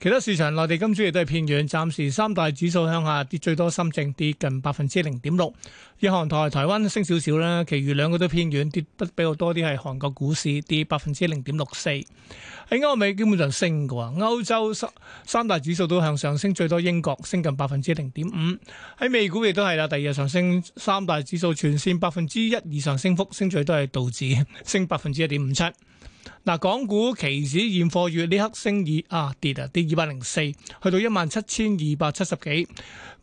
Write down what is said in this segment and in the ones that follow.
其他市場內地金主亦都係偏軟，暫時三大指數向下跌最多深證，深證跌近百分之零點六。日韓台台灣升少少啦，其餘兩個都偏軟，跌得比較多啲係韓國股市跌百分之零點六四。喺歐美基本上升嘅喎，歐洲三大指數都向上升，最多英國升近百分之零點五。喺美股亦都係啦，第二日上升，三大指數全線百分之一以上升幅，升最多係道指升百分之一點五七。嗱，港股期指現貨月呢刻升二啊跌啊跌二百零四，去到一萬七千二百七十幾，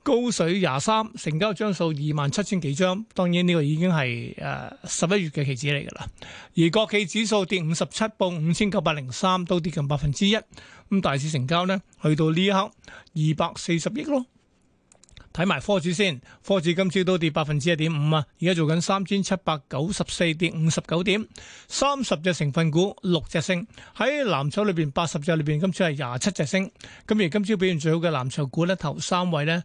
高水廿三，成交張數二萬七千幾張。當然呢個已經係誒十一月嘅期指嚟㗎啦。而國企指數跌五十七，報五千九百零三，都跌近百分之一。咁大市成交呢，去到呢一刻二百四十億咯。睇埋科指先，科指今朝都跌百分之一點五啊！而家做緊三千七百九十四跌五十九點，三十隻成分股六隻升，喺藍籌裏邊八十隻裏邊今次係廿七隻升。咁而今朝表現最好嘅藍籌股咧，頭三位呢，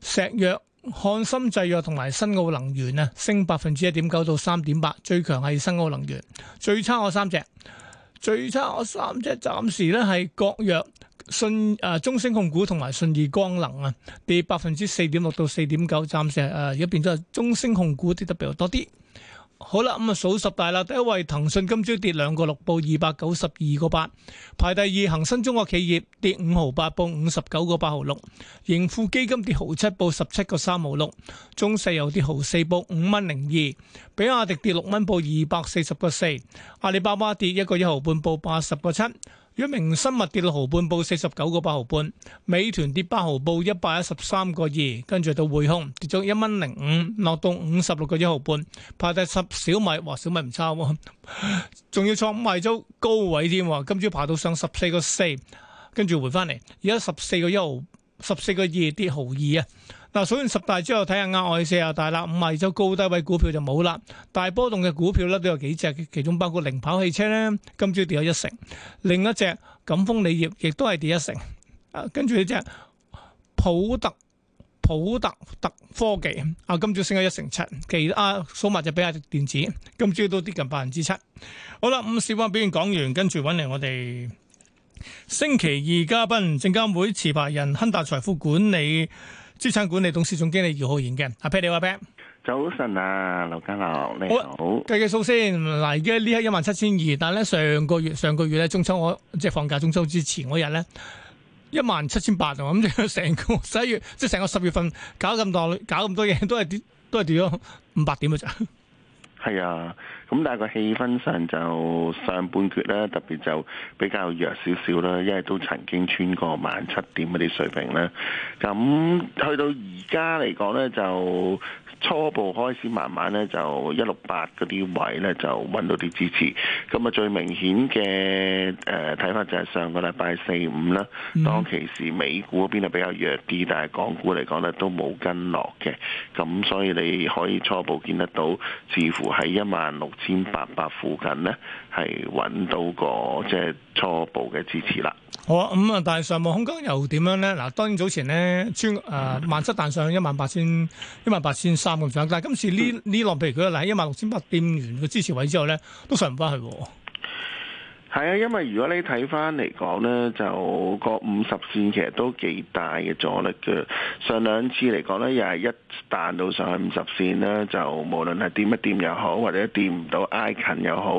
石藥、漢森製藥同埋新奧能源啊，升百分之一點九到三點八，最強係新奧能源。最差我三隻，最差我三隻暫時咧係國藥。信啊，中升控股同埋信義光能啊，跌百分之四點六到四點九，暫時誒而家變咗係中升控股跌得比較多啲。好啦，咁啊數十大啦，第一位騰訊今朝跌兩個六，報二百九十二個八，排第二恒生中國企業跌五毫八，報五十九個八毫六，盈富基金跌毫七，報十七個三毫六，中石油跌毫四，報五蚊零二，比亞迪跌六蚊，報二百四十個四，阿里巴巴跌一個一毫半，報八十個七。一明生物跌六毫半，報四十九個八毫半；美團跌八毫 2,，報一百一十三個二。跟住到匯控跌咗一蚊零五，落到五十六個一毫半。排第十小米，哇，小米唔差，哦，仲要創五日周高位添。今朝爬到上十四個四，跟住回翻嚟，而家十四個一毫，十四個二跌毫二啊！嗱，數完十大之後，睇下額外四廿大啦。五啊，就高低位股票就冇啦。大波動嘅股票咧都有幾隻，其中包括零跑汽車咧，今朝跌咗一成。另一隻錦豐鋰業亦都係跌一成。啊，跟住呢隻普特普特特科技啊，今朝升咗一成七。其啊，數埋隻比亞迪電子，今朝都跌近百分之七。好啦，咁市況表現講完，跟住搵嚟我哋星期二嘉賓，證監會持牌人，亨達財富管理，資產管理董事總經理姚浩然嘅阿 Peter 話 Peter 早晨啊，劉家騮，你好。計計數先，嗱，而家呢一一萬七千二，但係咧上個月上個月咧中秋我即係放假中秋之前嗰日咧一萬七千八啊，咁成個十一月即係成個十月份搞咁多搞咁多嘢都係跌都係跌咗五百點嘅咋。係啊，咁但係個氣氛上就上半段咧，特別就比較弱少少啦，因為都曾經穿過萬七點嗰啲水平啦。咁去到而家嚟講呢，就。初步開始慢慢咧，就，就一六八嗰啲位咧就揾到啲支持。咁啊，最明顯嘅誒睇法就係上個禮拜四五啦。當其時美股嗰邊係比較弱啲，但係港股嚟講咧都冇跟落嘅。咁所以你可以初步見得到，似乎喺一萬六千八百附近呢。係揾到個即係初步嘅支持啦。好啊，咁、嗯、啊，但係上網空間又點樣咧？嗱，當然早前咧，專誒萬七彈上一萬八千一萬八千三咁上，但係今次呢呢浪譬如佢嗱喺一萬六千八掂完個支持位之後咧，都上唔翻去。係啊，因為如果你睇翻嚟講呢，就個五十線其實都幾大嘅阻力嘅。上兩次嚟講呢，又係一彈到上去五十線呢，就無論係掂一掂又好，或者掂唔到挨近又好，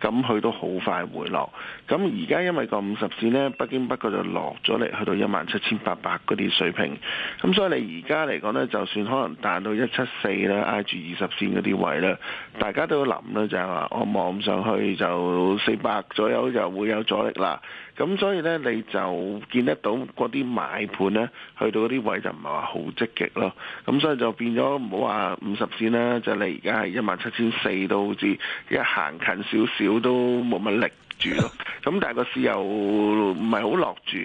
咁佢都好快回落。咁而家因為個五十線呢，不經不覺就落咗嚟，去到一萬七千八百嗰啲水平。咁所以你而家嚟講呢，就算可能彈到一七四呢，挨住二十線嗰啲位呢，大家都要諗啦，就係話，我望上去就四百左右。有就會有阻力啦，咁所以呢，你就見得到嗰啲買盤呢，去到嗰啲位就唔係話好積極咯，咁所以就變咗唔好話五十線啦，就你而家係一萬七千四都好似一行近少少都冇乜力。住咯，咁但係個市又唔係好落住，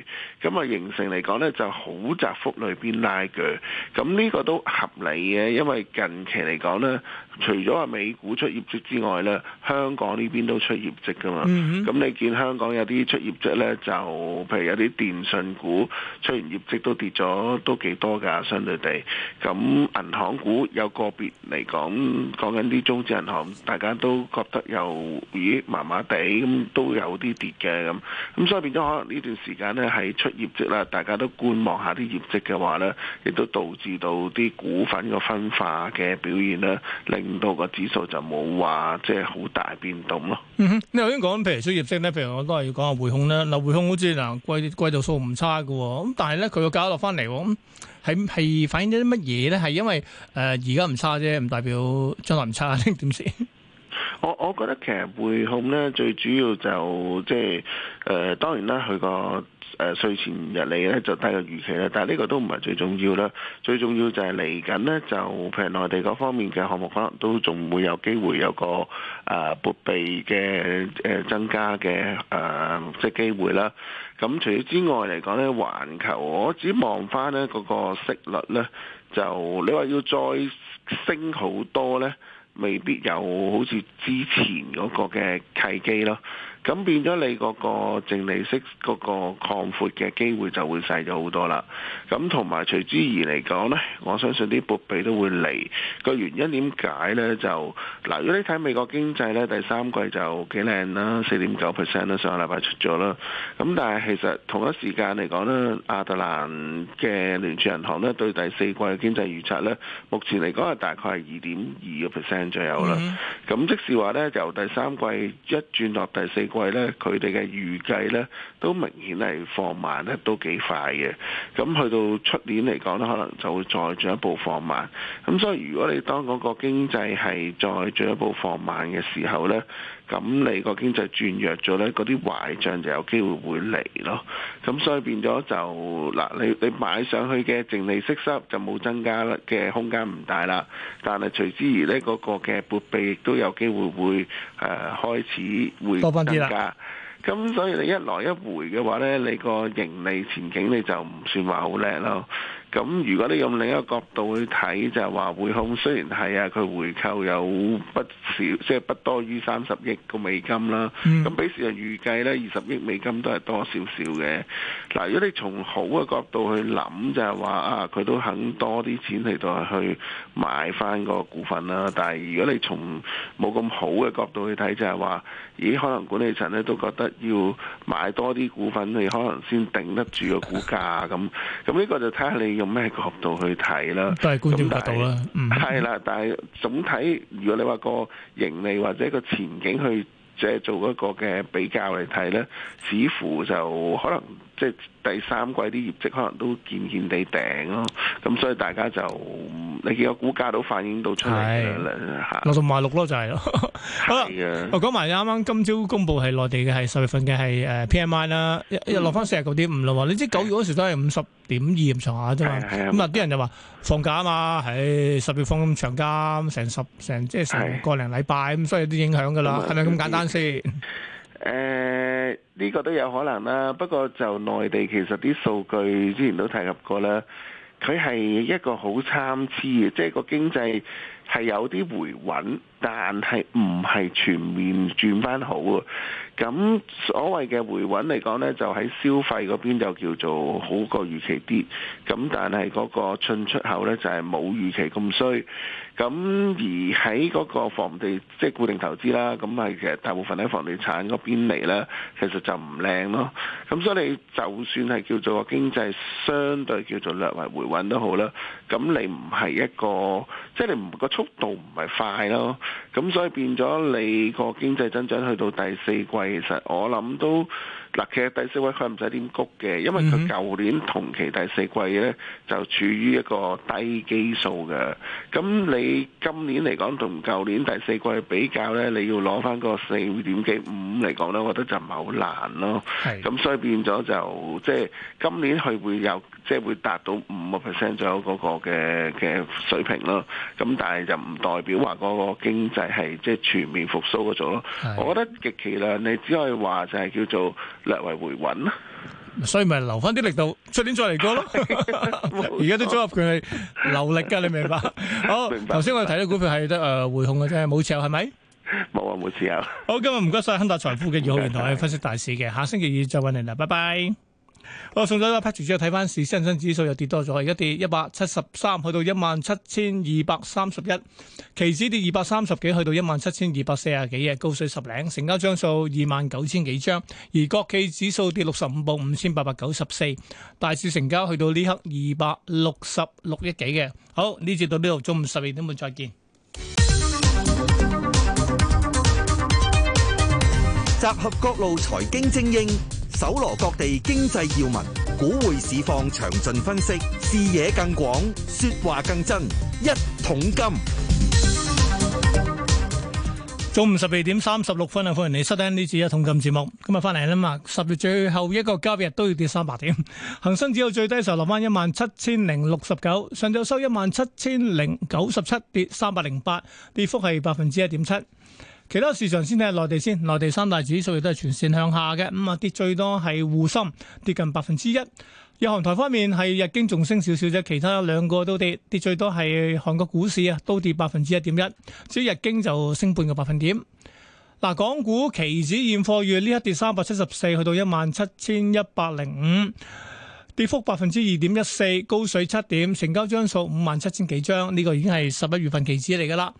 咁啊形成嚟講咧就好窄幅裏邊拉鋸，咁呢個都合理嘅，因為近期嚟講咧，除咗話美股出業績之外咧，香港呢邊都出業績噶嘛，咁你見香港有啲出業績咧，就譬如有啲電信股出完業績都跌咗，都幾多噶，相對地，咁銀行股有個別嚟講講緊啲中資銀行，大家都覺得又咦麻麻地咁都。都有啲跌嘅咁，咁所以變咗可能呢段時間咧喺出業績啦，大家都觀望下啲業績嘅話咧，亦都導致到啲股份個分化嘅表現咧，令到個指數就冇話即係好大變動咯，嗯。你頭先講譬如出業績咧，譬如我都係要講下匯控啦。嗱，匯控好似嗱季季度數唔差嘅，哦，咁但係咧佢個價落翻嚟，咁係係反映咗啲乜嘢咧？係因為誒、呃、而家唔差啫，唔代表將來唔差點先。 我我覺得其實匯控咧，最主要就即係誒當然啦，佢個誒稅前入嚟咧就低過預期啦，但係呢個都唔係最重要啦。最重要就係嚟緊咧，就譬如內地嗰方面嘅項目可能都仲會有機會有個誒、呃、撥備嘅誒增加嘅誒、呃、即係機會啦。咁除此之外嚟講咧，環球我只望翻咧嗰個息率咧，就你話要再升好多咧。未必有好似之前嗰個嘅契機咯。咁變咗你嗰個淨利息嗰個擴闊嘅機會就會細咗好多啦。咁同埋隨之而嚟講咧，我相信啲撥備都會嚟。個原因點解呢？就嗱，如果你睇美國經濟呢，第三季就幾靚啦，四點九 percent 啦，上個禮拜出咗啦。咁但係其實同一時間嚟講呢，亞特蘭嘅聯儲銀行呢，對第四季嘅經濟預測呢，目前嚟講係大概係二點二個 percent 左右啦。咁、mm hmm. 即使話呢，由第三季一轉落第四。因為咧，佢哋嘅預計咧，都明顯係放慢咧，都幾快嘅。咁去到出年嚟講咧，可能就會再進一步放慢。咁所以，如果你當嗰個經濟係再進一步放慢嘅時候咧，咁你個經濟轉弱咗呢，嗰啲壞帳就有機會會嚟咯。咁所以變咗就嗱，你你買上去嘅淨利息收入就冇增加嘅空間唔大啦。但係隨之而呢嗰、那個嘅撥備亦都有機會會誒、呃、開始會加多翻。咁所以你一來一回嘅話呢，你個盈利前景你就唔算話好靚咯。咁如果你用另一個角度去睇，就係話匯控雖然係啊，佢回購有不少，即係不多於三十億個美金啦。咁、mm. 比市啊預計呢，二十億美金都係多少少嘅。嗱，如果你從好嘅角度去諗，就係話啊，佢都肯多啲錢嚟到去買翻個股份啦。但係如果你從冇咁好嘅角度去睇，就係話，咦，可能管理層呢都覺得要買多啲股份，你可能先頂得住個股價咁。咁呢個就睇下你用。咩角度去睇啦？都係觀點得到啦，係啦是、嗯。但係總體，如果你話個盈利或者個前景去即係做一個嘅比較嚟睇咧，似乎就可能。即係第三季啲業績可能都漸漸地頂咯，咁所以大家就你見個股價都反映到出嚟六六萬六咯就係咯。好啊，我講埋啱啱今朝公布係內地嘅係十月份嘅係誒 P M I 啦，又落翻四十九點五咯喎，你知九月嗰時都係五十點二咁上下啫嘛，咁啊啲人就話放假啊嘛，喺十月份咁長假，成十成即係成個零禮拜，咁所以啲影響㗎啦，係咪咁簡單先？誒呢，uh, 個都有可能啦，不過就內地其實啲數據之前都提及過啦，佢係一個好參差嘅，即係個經濟係有啲回穩，但係唔係全面轉翻好啊。咁所謂嘅回穩嚟講咧，就喺消費嗰邊就叫做好過預期啲。咁但係嗰個進出口咧就係冇預期咁衰。咁而喺嗰個房地即係固定投資啦，咁係其實大部分喺房地產嗰邊嚟啦，其實就唔靚咯。咁所以你就算係叫做個經濟相對叫做略為回穩都好啦。咁你唔係一個，即係你唔個速度唔係快咯。咁所以變咗你個經濟增長去到第四季。其實我諗都。嗱，其實第四季佢唔使點谷嘅，因為佢舊年同期第四季咧就處於一個低基數嘅。咁你今年嚟講同舊年第四季比較咧，你要攞翻嗰個四點幾五嚟講咧，我覺得就唔係好難咯。係。咁所以變咗就即係今年佢會有即係會達到五個 percent 左右嗰個嘅嘅水平咯。咁但係就唔代表話嗰個經濟係即係全面復甦嗰種咯。係。我覺得極其量，你只可以話就係叫做。略為回穩，所以咪留翻啲力度，出年再嚟過咯。而家啲組合權係留力噶，你明白？好、 哦，頭先白我哋睇到股票係得誒回控嘅啫，冇持有係咪？冇啊，冇持有。是是有持有，好，今日唔該晒亨達財富嘅二號電台嘅分析大市嘅，下星期二再搵你啦，拜拜。好，送咗一 Patrick 之後，睇翻市恒生指數又跌多咗，而家跌一百七十三，去到一萬七千二百三十一，期指跌二百三十幾，去到一萬七千二百四十幾嘅，高水十零，成交張數二萬九千幾張，而國企指數跌六十五報，五千八百九十四，大市成交去到呢刻二百六十六億幾嘅，好，呢節到呢度，中午十二點半再見。集合各路財經精英。搜羅各地經濟要聞，股匯市況詳盡分析，視野更廣，說話更真。一桶金，中午十二點三十六分啊！歡迎你收聽呢次一桶金節目。今日翻嚟，啦嘛，十月最後一個交易日都要跌三百點。恒生指數最低時候落翻一萬七千零六十九，上晝收一萬七千零九十七，跌三百零八，跌幅係百分之一點七。其他市場先睇下內地先，內地三大指數亦都係全線向下嘅，咁啊、嗯、跌最多係滬深，跌近百分之一。日韓台方面係日經仲升少少啫，其他兩個都跌，跌最多係韓國股市啊，都跌百分之一點一。至於日經就升半個百分點。嗱，港股期指現貨月呢一跌三百七十四，去到一萬七千一百零五，跌幅百分之二點一四，高水七點，成交張數五萬七千幾張，呢、呢個已經係十一月份期指嚟噶啦。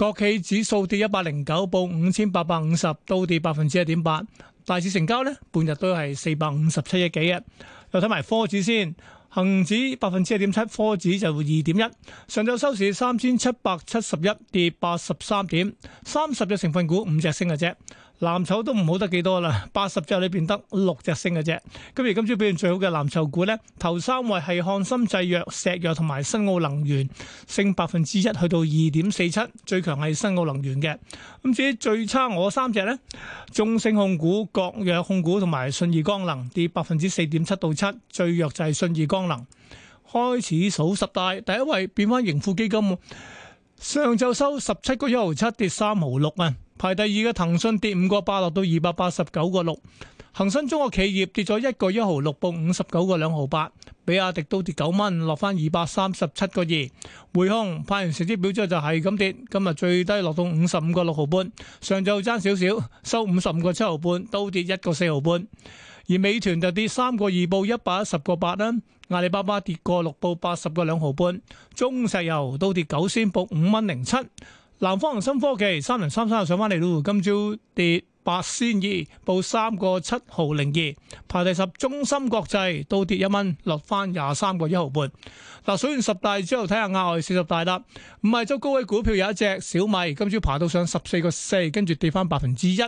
國企指數跌一百零九，報五千八百五十，都跌百分之一點八。大市成交呢半日都係四百五十七億幾嘅。又睇埋科指先，恒指百分之一點七，科指就二點一。上晝收市三千七百七十一，跌八十三點，三十隻成分股五隻升嘅啫。藍籌都唔好得幾多啦，八十隻裏邊得六隻升嘅啫。今日今朝表現最好嘅藍籌股呢，頭三位係漢森製藥、石藥同埋新奧能源，升百分之一，去到二點四七。最強係新奧能源嘅。咁至於最差我三隻呢，中升控股、國藥控股同埋信義光能跌百分之四點七到七，最弱就係信義光能。開始數十大第一位變翻盈富基金，上晝收十七個一毫七，跌三毫六啊。排第二嘅騰訊跌五個八，落到二百八十九個六。恒生中國企業跌咗一個一毫六，報五十九個兩毫八。比亞迪都跌九蚊，落翻二百三十七個二。匯控派完成績表之後就係咁跌，今日最低落到五十五個六毫半。上晝爭少少，收五十五個七毫半，都跌一個四毫半。而美團就跌三個二，報一百一十個八啦。阿里巴巴跌個六，報八十個兩毫半。中石油都跌九仙，報五蚊零七。南方恒生科技三零三三又上翻嚟咯，今朝跌八仙二，報三個七毫零二，排第十。中芯國際都跌一蚊，落翻廿三個一毫半。嗱，數完十大之後，睇下額外四十大啦。唔係咗高位股票有一隻小米，今朝爬到上十四個四，跟住跌翻百分之一。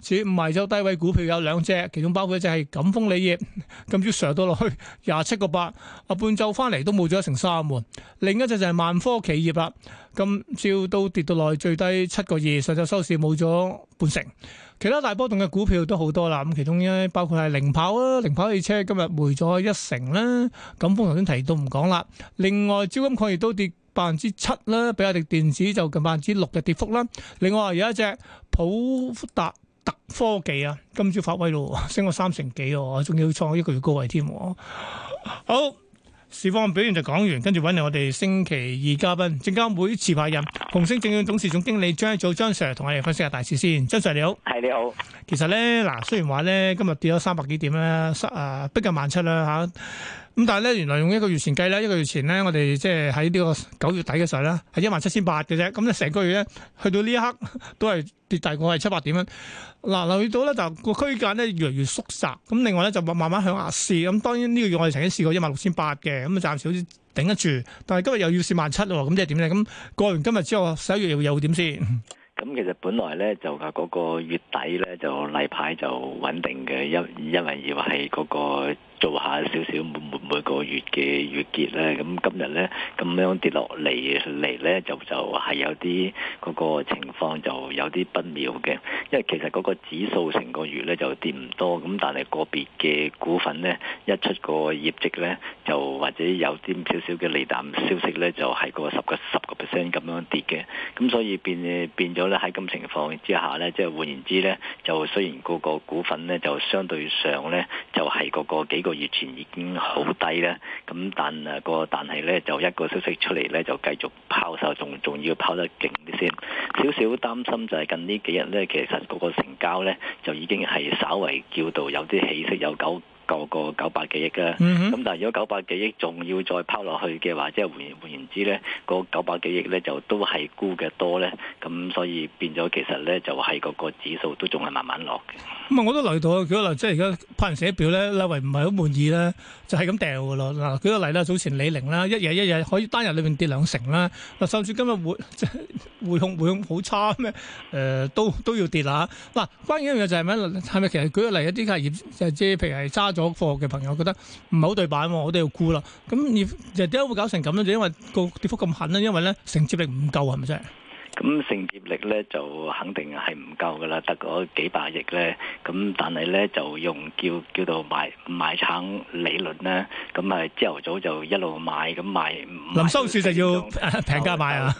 主要賣咗低位股票有兩隻，其中包括一隻係錦豐鋰業，今朝上到落去廿七個八，啊半晝翻嚟都冇咗一成三半。另一隻就係萬科企業啦，今朝都跌到落去最低七個二，上晝收市冇咗半成。其他大波動嘅股票都好多啦，咁其中咧包括係零跑啦，零跑汽車今日回咗一成啦。錦豐頭先提到唔講啦，另外招金礦業都跌百分之七啦，比亞迪電子就近百分之六嘅跌幅啦。另外有一隻普福達。科技啊，今朝發威咯，升咗三成幾，仲要創一個月高位添。好，市況表現就講完，跟住揾嚟我哋星期二嘉賓，證監會持牌人，紅星證券董事總經理張一祖張 Sir 同我哋分析下大市先。張 Sir 你好，係，你好。 其實咧嗱，雖然話咧今日跌咗三百幾點啦，失啊逼近萬七啦嚇。啊咁但係咧，原來用一個月前計啦。一個月前咧，我哋即係喺呢個九月底嘅時候咧，係一萬七千八嘅啫。咁、嗯、咧，成個月咧，去到呢一刻都係跌大概係七八點蚊。嗱、嗯，留意到咧就個區間咧越嚟越縮窄。咁、嗯、另外咧就慢慢向下試。咁、嗯、當然呢個月我哋曾經試過一萬六千八嘅，咁啊暫時好似頂得住。但係今日又要試萬七咯，咁即係點咧？咁、嗯、過完今日之後，十一月又又點先？咁、嗯、其實本來咧就係嗰、那個月底咧就例牌就穩定嘅，一因為而話係嗰個。做下少少每每每個月嘅月結咧，咁今日咧咁樣跌落嚟嚟咧，就就係有啲嗰、嗰個情況就有啲不妙嘅，因為其實嗰個指數成個月咧就跌唔多，咁但係個別嘅股份咧一出個業績咧，就或者有啲少少嘅利淡消息咧，就係、是、個十個十個 percent 咁樣跌嘅，咁所以變變咗咧喺咁情況之下咧，即、就、係、是、換言之咧，就雖然嗰個股份咧就相對上咧就係、是。個幾個月前已經好低啦，咁但啊個但係呢就一個消息出嚟呢，就繼續拋售，仲仲要拋得勁啲先，少少擔心就係近呢幾日呢，其實嗰個成交呢，就已經係稍為叫到有啲起色，有九。夠個九百幾億啊，咁但係如果九百幾億仲要再拋落去嘅話，即係換換言之咧，個九百幾億咧就都係沽嘅多咧，咁所以變咗其實咧就係個個指數都仲係慢慢落嘅。咁啊，我都留意到啊，舉個例，即係而家派人寫表咧，拉位唔係好滿意咧，就係咁掉㗎咯。嗱，舉個例啦，早前李寧啦，一日一日可以單日裏邊跌兩成啦，嗱，甚至今日匯即係匯控好差咩？誒，都都要跌啦。嗱，關鍵一樣嘢就係咩咧？係咪其實舉個例一啲膠業即係譬如係揸，做貨嘅朋友覺得唔係好對板喎，我哋要沽啦。咁而點解會搞成咁咧？就因為個跌幅咁狠咧，因為咧承接力唔夠係咪先？真係咁承接力咧就肯定係唔夠㗎啦，得嗰幾百億咧。咁但係咧就用叫叫做賣賣撐理論咧，咁係朝頭早就一路賣咁賣。臨收市就要平價賣啊！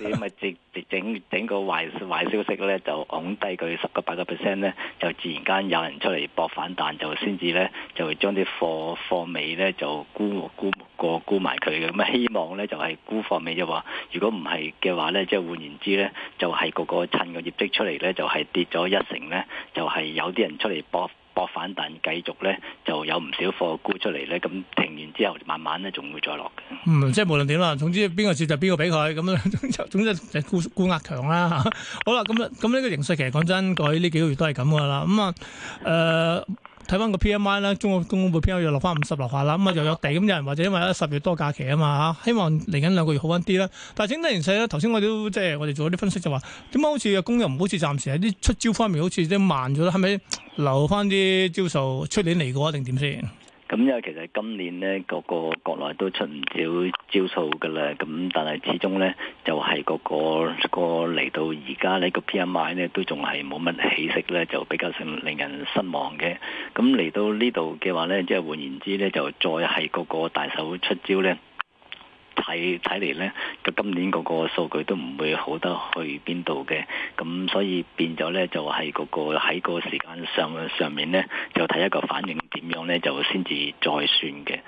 整整個壞壞消息咧，就往低佢十個八個 percent 咧，就自然間有人出嚟搏反彈，就先至咧就將啲貨貨尾咧就沽沽過沽埋佢嘅咁啊！希望咧就係、是、沽貨尾啫喎。如果唔係嘅話咧，即、就、係、是、換言之咧，就係、是、個個趁個業績出嚟咧，就係、是、跌咗一成咧，就係、是、有啲人出嚟搏。我反彈，繼續咧就有唔少貨沽出嚟咧，咁停完之後慢慢咧仲會再落嘅。嗯，即係無論點啦，總之邊個跌就邊個俾佢，咁總之總之就沽沽壓強啦嚇。 好啦，咁咁呢個形勢其實講真，過去呢幾個月都係咁噶啦，咁啊誒。呃睇翻個 PMI 啦，MI，中國公工會 PMI 又落翻五十樓下啦，咁啊又有地，咁有人或者因為咧十月多假期啊嘛嚇，希望嚟緊兩個月好翻啲啦。但係整體嚟睇咧，頭先我哋都即係我哋做啲分析就話，點解好似工人唔好似暫時喺啲出招方面好似都慢咗咧？係咪留翻啲招數出年嚟過定點先？咁因為其實今年呢，個個國內都出唔少招數嘅啦。咁但係始終呢，就係、是、個個嚟到而家呢個 PMI 呢，都仲係冇乜起色呢，就比較令人失望嘅。咁嚟到呢度嘅話呢，即係換言之呢，就再係個個大手出招呢。睇睇嚟咧，今年嗰個數據都唔會好得去邊度嘅，咁所以變咗咧就係、是、嗰個喺個時間上上面咧，就睇一個反應點樣咧，就先至再算嘅。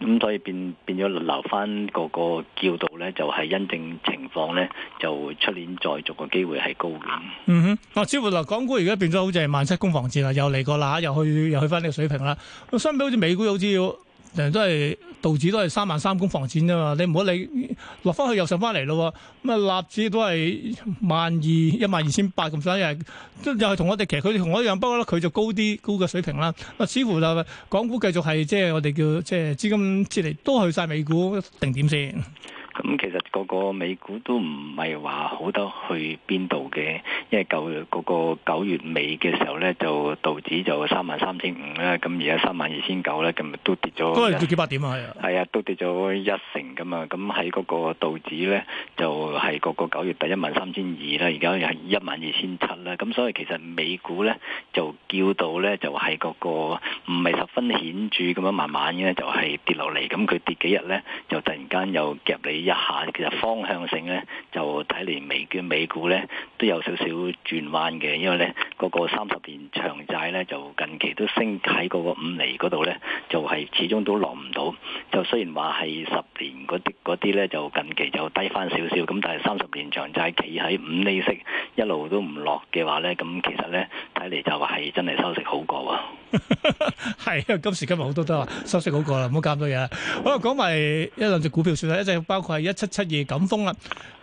咁所以變變咗留翻嗰個叫道咧，就係因應情況咧，就出年再續嘅機會係高嘅。嗯哼，啊，至於話港股而家變咗好似係萬七攻防戰啦，又嚟過啦，又去又去翻呢個水平啦。相比好似美股好似要。成都係道指都係三萬三攻防戰啫嘛，你唔好理落翻去又上翻嚟咯，咁啊納指都係萬二一萬二千八咁上下，又係都又係同我哋其實佢哋同我一樣，不過咧佢就高啲高嘅水平啦。啊，似乎就係、港股繼續係即係我哋叫即係資金撤離都去晒美股定點先。咁、嗯、其實個個美股都唔係話好得去邊度嘅，因為九月個九月尾嘅時候咧，就道指就三萬三千五啦，咁而家三萬二千九咧，咁都跌咗。都跌幾百點啊？係啊，都跌咗一、啊啊、成噶嘛。咁喺嗰個道指咧，就係、是、個個九月第一萬三千二啦，而家又係一萬二千七啦。咁、啊、所以其實美股咧就叫到咧就係、是那個個唔係十分顯著咁樣慢慢嘅就係跌落嚟。咁佢跌幾日咧，就突然間又夾你。一下其實方向性咧，就睇嚟美券、美股咧都有少少轉彎嘅，因為咧嗰、嗰個三十年長債咧就近期都升喺嗰個五厘嗰度咧，就係始終都落唔到。就雖然話係十年嗰啲嗰啲咧就近期就低返少少，咁但係三十年長債企喺五厘息一路都唔落嘅話咧，咁其實咧睇嚟就係真係收息好過喎。係 啊，今時今日好多都話收息好過啦，唔好加咁多嘢。好啦，講埋一兩隻股票算啦，一陣包括。係一七七二贛鋒啦，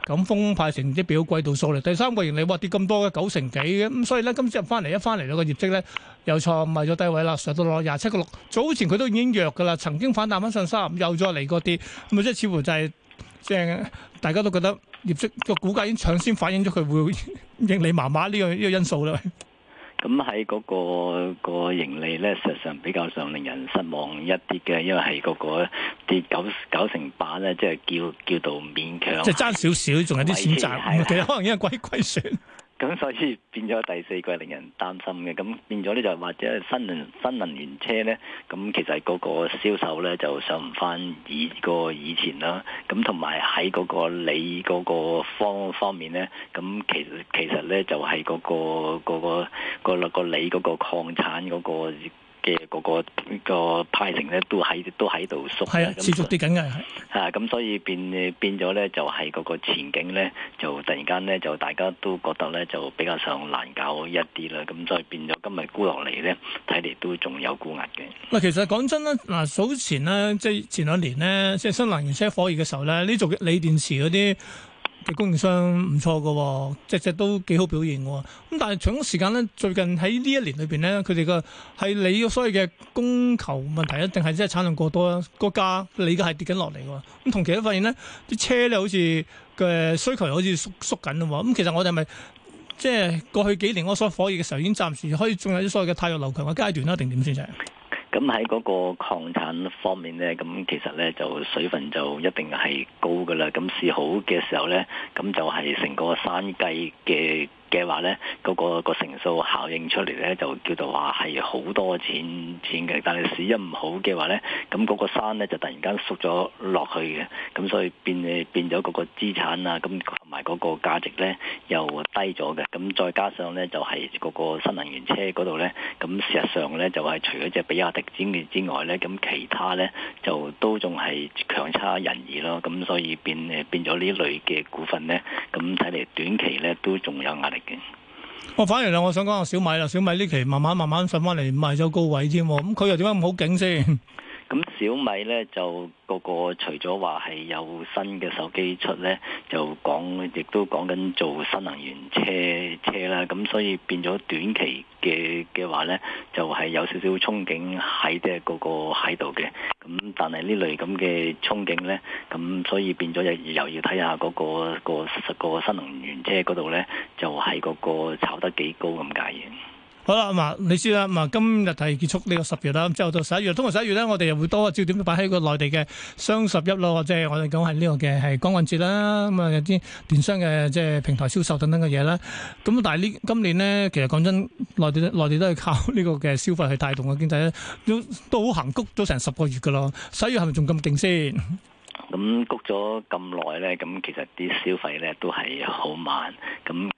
贛鋒派成績表季度數嚟，第三個盈利哇跌咁多嘅九成幾嘅。咁所以咧今朝翻嚟一翻嚟個業績咧又錯埋咗低位啦，上到落廿七個六，早前佢都已經弱㗎啦，曾經反彈翻上三，又再嚟過跌，咁、嗯、即係似乎就係、是、即係大家都覺得業績個股價已經搶先反映咗佢會盈利麻麻呢、呢個呢、呢個因素啦。咁喺嗰個盈利咧，實上比較上令人失望一啲嘅，因為係、嗰個個跌九九成八咧，即係叫叫做勉強，即係爭少少，仲有啲選擇。其實可能因為鬼鬼選。咁所以變咗第四季令人擔心嘅，咁變咗呢，就係或者新能源新能源車呢，咁其實嗰個銷售呢，就上唔翻以個以前啦。咁同埋喺嗰個鋰嗰個方方面呢，咁其實其實呢就係嗰個、嗰個、嗰個落、嗰個鋰嗰個礦產嗰個。嘅個個派成咧，都喺都喺度縮，係啊的，嗯、持續跌緊嘅，嚇咁所以變變咗咧，就係嗰個前景咧，就突然間咧，就大家都覺得咧，就比較上難搞一啲啦。咁所以變咗今日沽落嚟咧，睇嚟都仲有沽壓嘅。嗱，其實講真啦，嗱早前咧，即係前兩年咧，即係新能源車火熱嘅時候咧，呢種鋰電池嗰啲。嘅供應商唔錯嘅，隻隻都幾好表現嘅、哦。咁但係長時間咧，最近喺呢一年裏邊咧，佢哋嘅係你所謂嘅供求問題啊，定係即係產量過多咧？個價你而家係跌緊落嚟嘅。咁同其他發現咧，啲車咧好似嘅需求又好似縮縮緊啦。咁其實我哋係咪即係過去幾年嗰所火熱嘅時候，已經暫時可以仲有啲所謂嘅太陽流強嘅階段啦，定點先正？咁喺嗰個礦產方面呢，咁其實呢，就水分就一定係高噶啦。咁市好嘅時候呢，咁就係成個山計嘅嘅話呢，嗰、嗰個、嗰個成數效應出嚟呢，就叫做話係好多錢錢嘅。但係市一唔好嘅話呢，咁、嗰、嗰個山呢，就突然間縮咗落去嘅，咁所以變誒變咗嗰個資產啊，咁、嗰個。同埋嗰個價值呢又低咗嘅，咁再加上呢，就係、是、嗰個新能源車嗰度呢。咁事實上呢，就係、是、除咗隻比亞迪之之外呢，咁其他呢，就都仲係強差人意咯，咁所以變誒變咗呢類嘅股份呢，咁睇嚟短期呢，都仲有壓力嘅。我、哦、反而啦，我想講阿小米啦，小米呢期慢慢慢慢上翻嚟賣咗高位添，咁佢又點解唔好勁先？ 咁小米咧就個個除咗話係有新嘅手機出咧，就講亦都講緊做新能源車車啦。咁所以變咗短期嘅嘅話咧，就係、係、有少少憧憬喺即係個喺度嘅。咁但係呢類咁嘅憧憬咧，咁所以變咗又又要睇下嗰、嗰個、嗰個實實個新能源車嗰度咧，就係、係、個個炒得幾高咁解嘅。好啦，咁啊，你知啦，咁啊，今日係結束呢個十月啦，咁之後到十一月，通常十一月咧，我哋又會多個，焦點擺喺個內地嘅雙十一咯，或者我哋講係呢個嘅係光棍節啦，咁啊有啲電商嘅即係平台銷售等等嘅嘢啦。咁但係呢今年咧，其實講真，內地內地都係靠呢個嘅消費去帶動個經濟咧，都都好行谷咗成十個月噶咯。十一月係咪仲咁勁先？咁谷咗咁耐咧，咁其實啲消費咧都係好慢咁。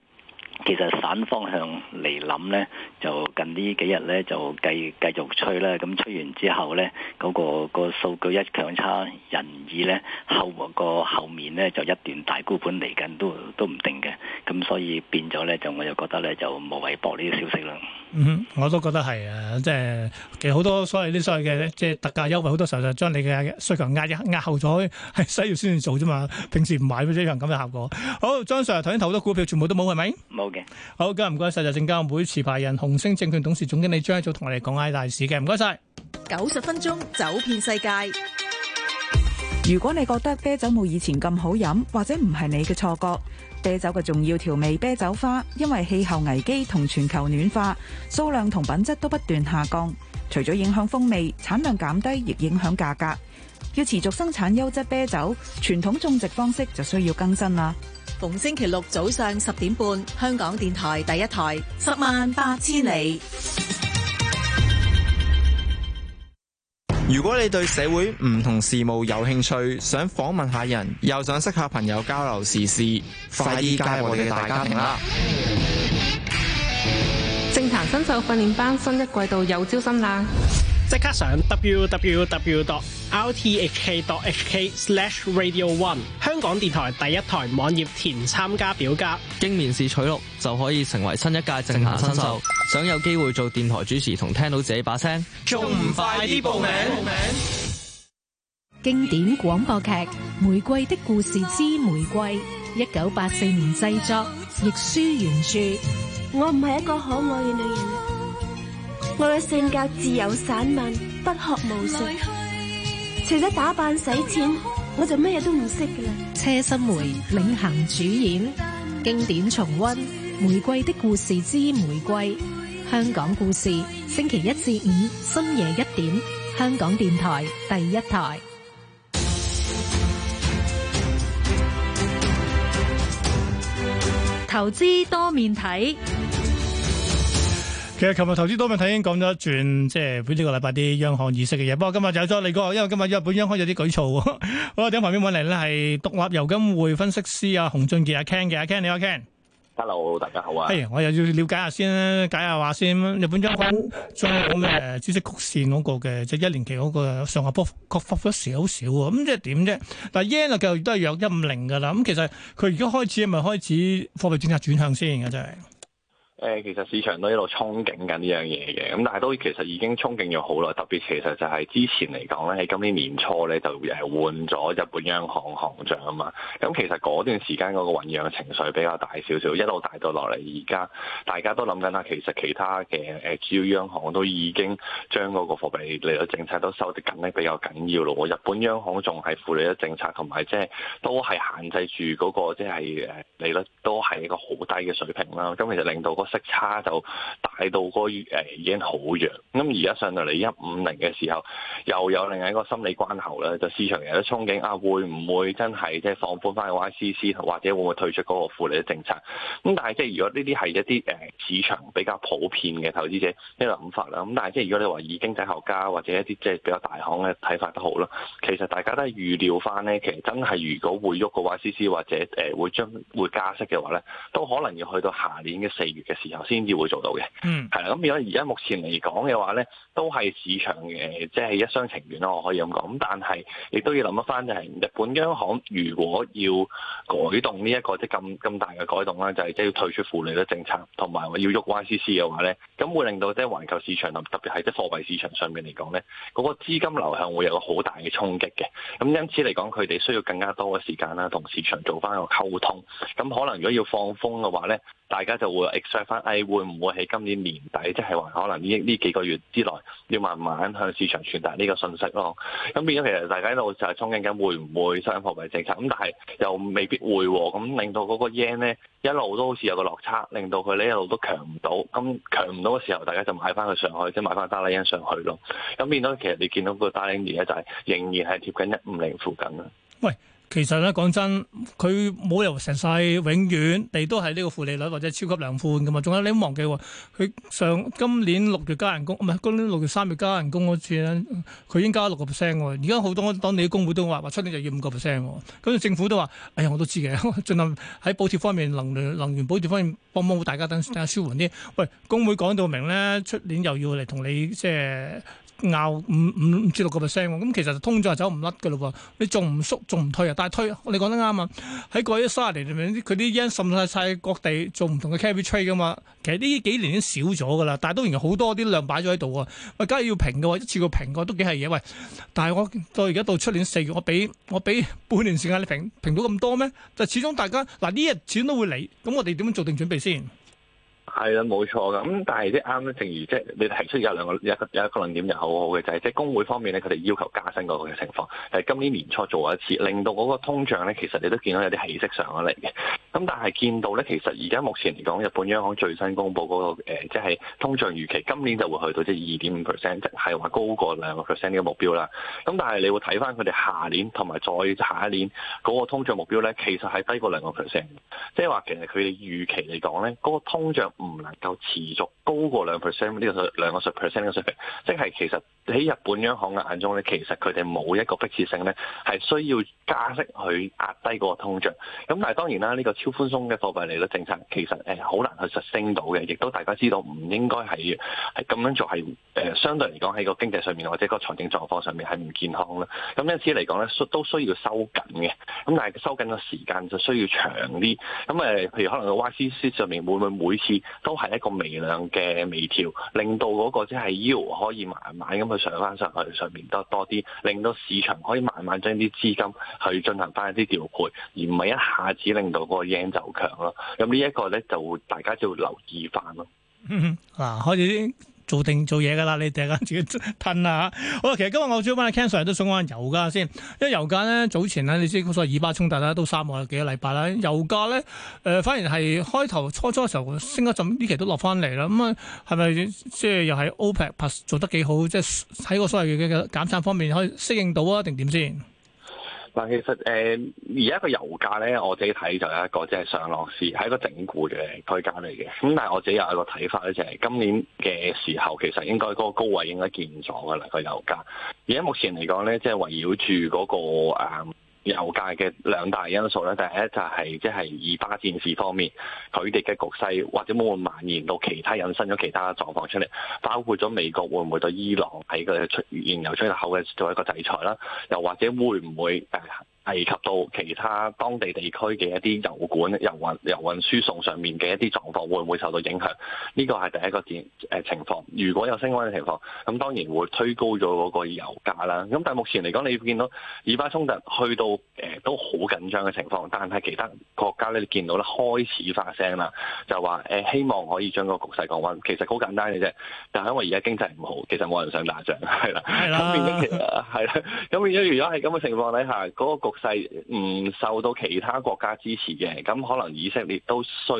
其實散方向嚟諗呢，就近呢幾日呢，就繼繼續吹啦，咁吹完之後呢，嗰、那個個數據一強差人意呢後個後面呢，就一段大沽盤嚟緊都都唔定嘅，咁所以變咗呢，就我就覺得呢，就冇謂博呢啲消息啦。嗯，我都覺得係啊，即、呃、係其實好多所謂啲所謂嘅即係特價優惠，好多時候就將你嘅需求壓一壓後咗，係需要先至做啫嘛。平時唔買都一樣咁嘅效果。好，張 Sir 頭先投好多股票，全部都冇，係咪？冇嘅。好，今日唔該晒，就證監會持牌人，紅星證券董事總經理張一祖同我哋講嗌大市嘅，唔該晒。九十分鐘走遍世界。如果你覺得啤酒冇以前咁好飲，或者唔係你嘅錯覺。啤酒嘅重要調味，啤酒花，因為氣候危機同全球暖化，數量同品質都不斷下降。除咗影響風味，產量減低亦影響價格。要持續生產優質啤酒，傳統種植方式就需要更新啦。逢星期六早上十點半，香港電台第一台，十萬八千里。如果你對社會唔同事務有興趣，想訪問下人，又想識下朋友交流時事， 快啲加入我哋大家庭啦！政壇新秀訓練班新一季度有招新啦！即刻上 w w w d o t r t h k d o t h k s l a s h r a d i o o n e 香港電台第一台網頁填參加表格，經面試取錄就可以成為新一屆正行新秀。想有機會做電台主持同聽到自己把聲，仲唔快啲報名？報名《經典廣播劇《玫瑰的故事之玫瑰》，一九八四年製作，亦舒原著。我唔係一個可愛嘅女人。我嘅性格自由散漫，不學無術，去除咗打扮使錢，我就咩嘢都唔識噶啦。車心梅領銜主演，經典重溫《玫瑰的故事之玫瑰》，香港故事，星期一至五深夜一點，香港電台第一台。投資多面體。其實琴日投資多問題已經講咗一轉，即係呢個禮拜啲央行議息嘅嘢。不過今日就再嚟個，因為今日日本央行有啲舉措。 好，我喺旁邊揾嚟呢係獨立油金匯分析師啊，洪俊杰阿、啊、Ken 嘅，Ken 你好，Ken。Hello，大家好啊。我又要了解下先，解下話先。日本央行再咩？孳息曲線嗰個嘅，即、就、係、是、一年期嗰個上下幅擴闊咗少少啊。咁即係點啫？但係 yen 啊，繼續都係約一五零㗎啦。咁其實佢而家開始係咪開始貨幣政策轉向先嘅？真係。誒，其實市場都一路憧憬緊呢樣嘢嘅，咁但係都其實已經憧憬咗好耐，特別其實就係之前嚟講咧，喺今年年初咧就係換咗日本央行行長啊嘛，咁其實嗰段時間嗰個醖釀嘅情緒比較大少少，一路大到落嚟，而家大家都諗緊啦，其實其他嘅誒主要央行都已經將嗰個貨幣利率政策都收得緊啲，比較緊要咯。日本央行仲係負利率政策，同埋即係都係限制住嗰個即係誒利率都係一個好低嘅水平啦。咁其實令到嗰個息差就大到嗰誒已經好弱，咁而家上到嚟一五零嘅時候，又有另一個心理關口啦，就市場又有啲憧憬啊，會唔會真係即係放寬翻個 YCC，或者會唔會退出嗰個負利率政策？咁但係即係如果呢啲係一啲誒市場比較普遍嘅投資者呢個諗法啦，咁但係即係如果你話以經濟學家或者一啲即係比較大行嘅睇法都好啦，其實大家都係預料翻咧，其實真係如果會喐個 YCC 或者誒會將會加息嘅話咧，都可能要去到下年嘅四月嘅。時候先至會做到嘅，嗯，係啦。咁變咗而家目前嚟講嘅話咧，都係市場誒，即係一廂情願咯，我可以咁講。咁但係亦都要諗一翻，就係日本央行如果要改動呢一個即係咁咁大嘅改動啦，就係即係要退出負利率政策，同埋要喐 YCC 嘅話咧，咁會令到即係環球市場，特別係即係貨幣市場上面嚟講咧，嗰個資金流向會有個好大嘅衝擊嘅。咁因此嚟講，佢哋需要更加多嘅時間啦，同市場做翻個溝通。咁可能如果要放風嘅話咧，大家就會 e x c e c t 翻，誒會唔會喺今年年底，即係話可能呢呢幾個月之內，要慢慢向市場傳達呢個信息咯。咁變咗其實大家一度就係憧憬緊會唔會雙貨幣政策，咁但係又未必會，咁令到嗰個 yen 咧一路都好似有個落差，令到佢呢一路都強唔到。咁強唔到嘅時候，大家就買翻去上海，即係買翻個鴨 n 上去咯。咁變咗其實你見到 d 嗰個 i 鷴嘅咧，就係仍然係貼緊一五零附近啦。喂！其實咧，講真，佢冇由成世永遠，地都係呢個負利率或者超級量寬噶嘛。仲有你唔忘記喎、哦，佢上今年六月加人工，唔係今年六月三月加人工嗰次咧，佢已經加咗六個 percent 喎。而家好多當地工會都話，話出年就要五個 percent 喎。咁、哦、政府都話，哎呀我都知嘅， 盡量喺補貼方面能，能源能源補貼方面幫幫大家等下舒緩啲。喂，工會講到明咧，出年又要嚟同你即係。就是拗五五至六個 percent 喎，咁、哦嗯、其實通咗就走唔甩嘅咯喎，你仲唔縮仲唔退啊？但係推、啊、你講得啱啊！喺過去三十年裏面，佢啲 yen 滲晒晒各地做唔同嘅 carry trade 噶嘛，其實呢幾年已經少咗噶啦，但係當然好多啲量擺咗喺度喎，喂，梗係要平嘅喎，一次過平過都幾係嘢，喂！但係我到而家到出年四月，我俾我俾半年時間你平平到咁多咩？就始終大家嗱呢日始終都會嚟，咁我哋點樣做定準備先？係啦，冇錯噶。咁但係啲啱咧，正如即係你提出有兩個有一有一個論點就好好嘅，就係即係工會方面咧，佢哋要求加薪嗰個嘅情況，係今年年初做一次，令到嗰個通脹咧，其實你都見到有啲起色上咗嚟嘅。咁但係見到咧，其實而家目前嚟講，日本央行最新公布嗰個誒，即係通脹預期今年就會去到即係二點五 percent，係話高過兩個 percent 嘅目標啦。咁但係你會睇翻佢哋下年同埋再下一年嗰個通脹目標咧，其實係低過兩個 percent，即係話其實佢哋預期嚟講咧，嗰個通脹。唔能夠持續高過兩 percent 呢個兩個十 percent 嘅水平，即係其實喺日本央行嘅眼中咧，其實佢哋冇一個迫切性咧，係需要加息去壓低嗰個通脹。咁但係當然啦，呢個超寬鬆嘅貨幣利率政策其實誒好難去實升到嘅，亦都大家知道唔應該係係咁樣做，係誒相對嚟講喺個經濟上面或者個財政狀況上面係唔健康啦。咁因此嚟講咧，都需要收緊嘅。咁但係收緊嘅時間就需要長啲。咁誒，譬如可能個 YCC 上面會唔會每次都係一個微量嘅微調，令到嗰個即係腰可以慢慢咁去上翻上去上面得多啲，令到市場可以慢慢將啲資金去進行翻一啲調配，而唔係一下子令到個 Yen 就強咯。咁呢一個咧就大家就要留意翻咯。嗱、嗯啊，開始。做定做嘢噶啦，你突然自己吞啦 好啊，其實今日我最想問 Ken Sir 都想問油價先，因為油價咧早前咧，你知所謂以巴衝突啦，都三個幾個禮拜啦，油價咧誒、呃、反而係開頭初初嘅時候升一陣，呢期都落翻嚟啦。咁啊係咪即係又係 OPEC 做得幾好？即係喺個所謂嘅減產方面可以適應到啊？定點先？但其實誒、呃、而家個油價咧，我自己睇就有一個即係上落市，係一個整固嘅區間嚟嘅。咁但係我自己有一個睇法咧，就係、是、今年嘅時候其實應該嗰個高位應該見咗㗎喇個油價。而家目前嚟講咧，即係圍繞住嗰、那個、嗯油價嘅兩大因素咧，第一就係即係以巴戰事方面，佢哋嘅局勢或者會唔會蔓延到其他引申咗其他狀況出嚟，包括咗美國會唔會對伊朗喺佢嘅出原油出口嘅作為一個制裁啦，又或者會唔會誒、提及到其他當地地區嘅一啲油管、油運、油運輸送上面嘅一啲狀況，會唔會受到影響？呢個係第一個點誒、呃、情況。如果有升溫嘅情況，咁當然會推高咗嗰個油價啦。咁但係目前嚟講，你見到以巴衝突去到誒、呃、都好緊張嘅情況，但係其他國家咧，你見到咧開始發聲啦，就話誒、呃、希望可以將個局勢降溫。其實好簡單嘅啫，就係因為而家經濟唔好，其實冇人想打仗，係啦，咁變咗其實係啦，咁變咗如果係咁嘅情況底下，嗰、嗰個局。係唔受到其他國家支持嘅，咁可能以色列都需要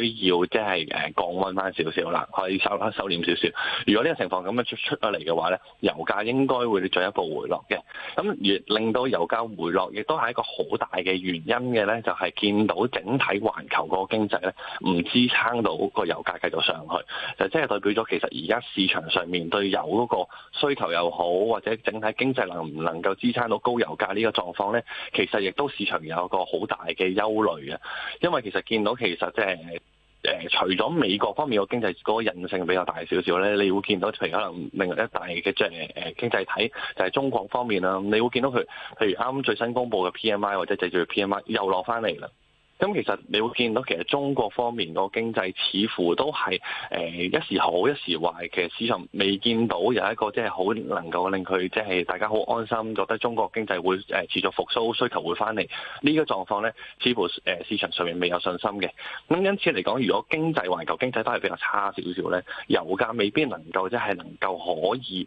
即係誒降溫翻少少啦，可以收收斂少少。如果呢個情況咁樣出出咗嚟嘅話咧，油價應該會進一步回落嘅。咁而令到油價回落，亦都係一個好大嘅原因嘅咧，就係見到整體環球個經濟咧唔支撐到個油價繼續上去，就即係代表咗其實而家市場上面對油嗰個需求又好，或者整體經濟能唔能夠支撐到高油價呢個狀況咧，其實亦都市場有個好大嘅憂慮啊，因為其實見到其實即係誒，除咗美國方面個經濟嗰個韌性比較大少少咧，你會見到譬如可能另外一大嘅誒經濟體就係中國方面啦，你會見到佢譬如啱啱最新公佈嘅 PMI 或者製造 PMI 又落翻嚟啦。咁其實你會見到，其實中國方面個經濟似乎都係誒、呃、一時好一時壞，其實市場未見到有一個即係好能夠令佢即係大家好安心，覺得中國經濟會誒持續復甦，需求會翻嚟、這個、呢個狀況咧，似乎誒市場上面未有信心嘅。咁因此嚟講，如果經濟、環球經濟都係比較差少少咧，油價未必能夠即係能夠可以誒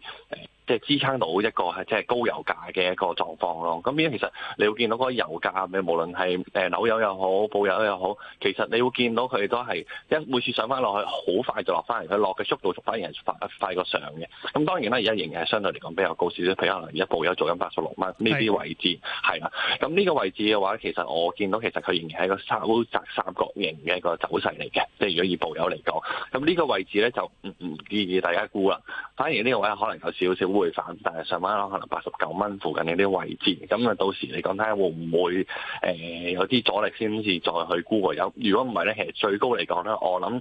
即係支撐到一個即係高油價嘅一個狀況咯。咁因為其實你會見到嗰個油價，無論係誒紐油又好。報友又好，其實你會見到佢都係一每次上翻落去，好快就落翻嚟。佢落嘅速度反、反而嚟係快快過上嘅。咁當然啦，而家仍然係相對嚟講比較高少少，譬如可能而家報友做緊八十六蚊呢啲位置，係啦的。咁呢的、呢個位置嘅話，其實我見到其實佢仍然係一個三窄三角形嘅一個走勢嚟嘅。即係如果以報友嚟講，咁呢個位置咧就唔建議大家沽啦。反而呢個位可能有少少會反，但係上翻可能八十九蚊附近呢啲位置。咁啊，到時你講睇下會唔會誒、呃、有啲阻力先再去估喎，有如果唔係咧，其實最高嚟講咧，我諗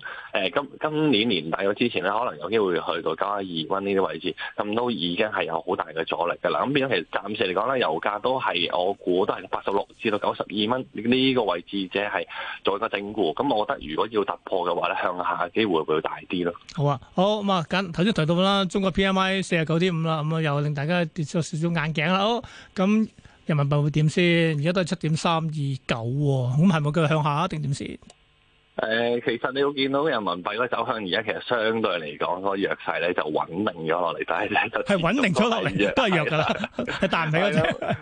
誒今今年年底之前咧，可能有機會去到加二蚊呢啲位置，咁都已經係有好大嘅阻力㗎啦。咁變咗其實暫時嚟講咧，油價都係我估都係八十六至到九十二蚊呢個位置，即係做一個整固。咁我覺得如果要突破嘅話咧，向下機會會大啲咯。好啊，好咁啊，頭、嗯、先提到啦，中國 P M I 四十九點五啦，咁、嗯、啊又令大家跌咗少少眼鏡啦。好咁。人民幣會點先？而家都係七點三二九，咁係咪佢向下一定點先？誒，其實你會見到人民幣嗰個走向而家，其實相對嚟講，個弱勢咧就穩定咗落嚟，但係咧都係穩定咗落嚟， 都係弱噶啦，係彈唔起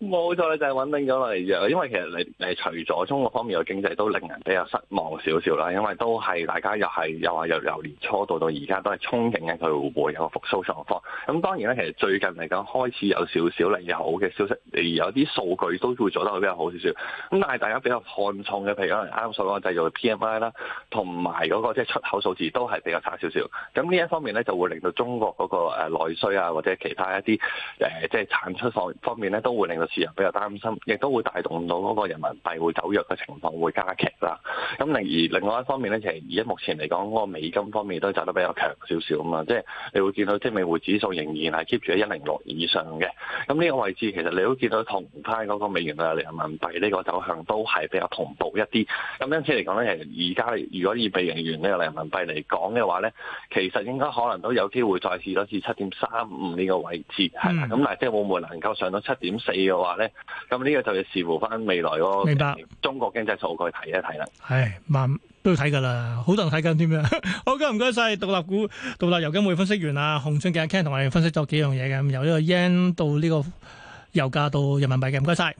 冇錯，你就係穩定咗落嚟。因為其實你誒，除咗中國方面嘅經濟，都令人比較失望少少啦。因為都係大家又係又話又由年初到到而家都係憧憬緊佢會唔會有個復甦狀況。咁當然咧，其實最近嚟講開始有少少啦，有好嘅消息，而有啲數據都會做得比較好少少。咁但係大家比較看重嘅，譬如可能啱啱所講嘅製造 PMI 啦，同埋嗰個即係出口數字都係比較差少少。咁呢一方面咧，就會令到中國嗰個誒內需啊，或者其他一啲誒即係產出方方面咧，都會令到，事又比較擔心，亦都會帶動到嗰個人民幣會走弱嘅情況會加劇啦。咁，另外另外一方面咧，其實而家目前嚟講，嗰個美金方面都走得比較強少少啊嘛。即係你會見到即係美匯指數仍然係 keep 住喺一零六以上嘅。咁呢個位置其實你都見到同派嗰個美元對人民幣呢個走向都係比較同步一啲。咁因此嚟講咧，係而家如果要避營元呢個人民幣嚟講嘅話咧，其實應該可能都有機會再試多次七點三五呢個位置係。咁，但係即係會唔會能夠上到七點四個？話咧，咁呢個就要視乎翻未來明白，中國經濟數據睇一睇啦。係，萬都要睇㗎啦，好多人睇緊添啊！好，唔該晒，獨立股、獨立油金匯分析員啊，洪春景阿 Ken 同我哋分析咗幾樣嘢嘅，由呢個 yen 到呢個油價到人民幣嘅，唔該晒。